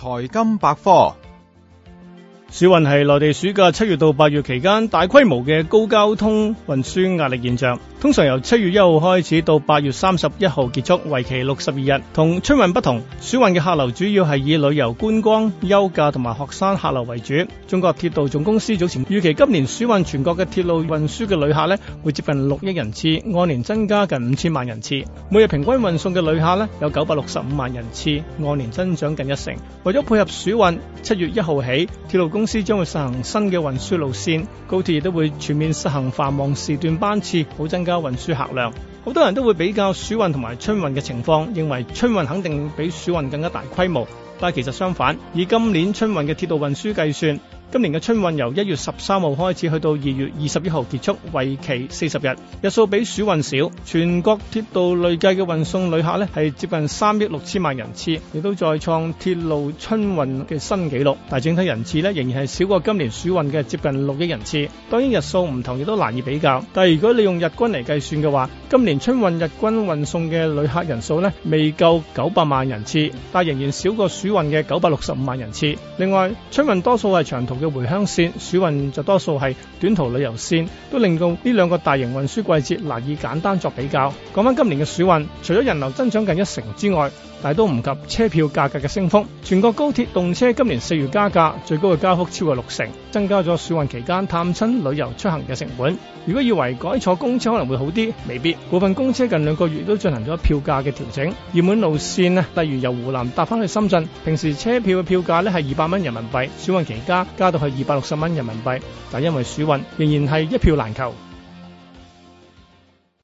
財金百科，暑運係內地暑假七月到八月期間大規模嘅高交通運輸壓力現象。通常由七月一號開始到八月三十一號結束，為期六十二日。同春運不同，暑運嘅客流主要係以旅遊觀光、休假同埋學生客流為主。中國鐵道總公司早前預期今年暑運全國嘅鐵路運輸嘅旅客呢會接近六億人次，按年增加近五千萬人次。每日平均運送嘅旅客呢有九百六十五萬人次，按年增長近一成。為咗配合暑運，七月一號起，鐵路公司將會實行新嘅運輸路線，高鐵亦都會全面實行繁忙時段班次，好增加。加運輸客量，好多人都會比較暑運同埋春運嘅情況，認為春運肯定比暑運更加大規模，但係其實相反，以今年春運嘅鐵路運輸計算。今年嘅春運由一月十三號開始，去到二月二十一號結束，為期四十日，日數比暑運少。全國鐵道累計嘅運送旅客呢係接近三億六千萬人次，亦都再創鐵路春運嘅新紀錄。但整體人次呢仍然係少過今年暑運嘅接近六億人次。當然日數唔同，亦都難以比較。但係如果你用日均嚟計算嘅話，今年春運日均運送嘅旅客人數呢未夠九百萬人次，但仍然少過暑運嘅九百六十五萬人次。另外，春運多數係長途，嘅回鄉線，暑運就多數係短途旅遊線，都令到呢兩個大型運輸季節難以簡單作比較。講翻今年嘅暑運，除咗人流增長近一成之外，但係都唔及車票價格嘅升幅。全國高鐵動車今年四月加價，最高嘅加幅超過六成，增加咗暑運期間探親旅遊出行嘅成本。如果以為改坐公車可能會好啲，未必。部分公車近兩個月都進行咗票價嘅調整，熱門路線咧，例如由湖南搭翻去深圳，平時車票嘅票價咧係二百蚊人民幣，暑運期間加加到去二百六十蚊人民幣，但因為暑運，仍然係一票難求。